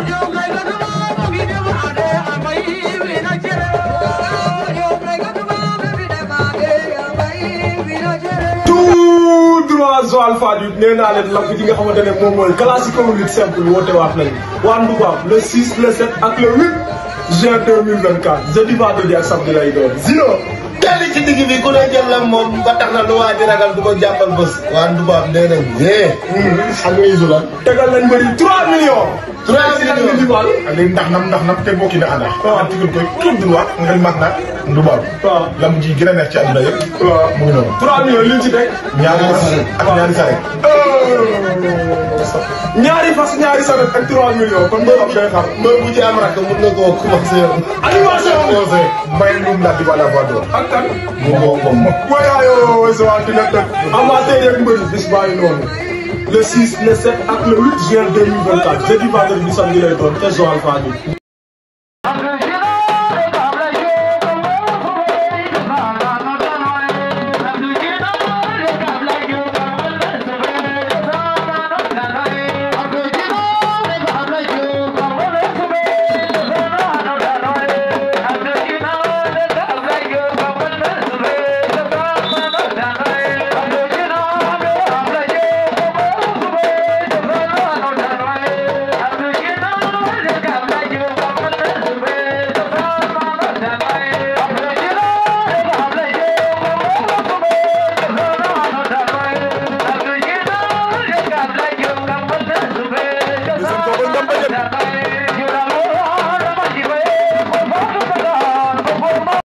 Hamburger Joal Fadiouth nee naa leen lamb ji nga xamante ne moom mooy classico lutte simple woote waat nañu waa Ndubaab le 6 le 7 ak le 8 ak samedi lay doon zino telli ci digg bi ku ne la moom ba na lu waa ji ragal du ko jàppal bés waa Ndubaab nee yee eh. hmm. ak nga isolan tegal nañ mbëri 3 millions ni ndax nam ndax nam te bokki na ana am ci koy kum du wax nga mat na du bal lam ji gëna neex ci aduna yëpp mu ngi non 3 millions liñ ci tek ñaari ak ñaari sare ñaari fas ñaari sare ak 3 millions kon do xam day xam mbeur bu ci am rak mu nga ko commencé animation commencé bay ndum di wala wado le 6 le 7 ak le 8 juin 2024 jeudi vendredi samedi lay da da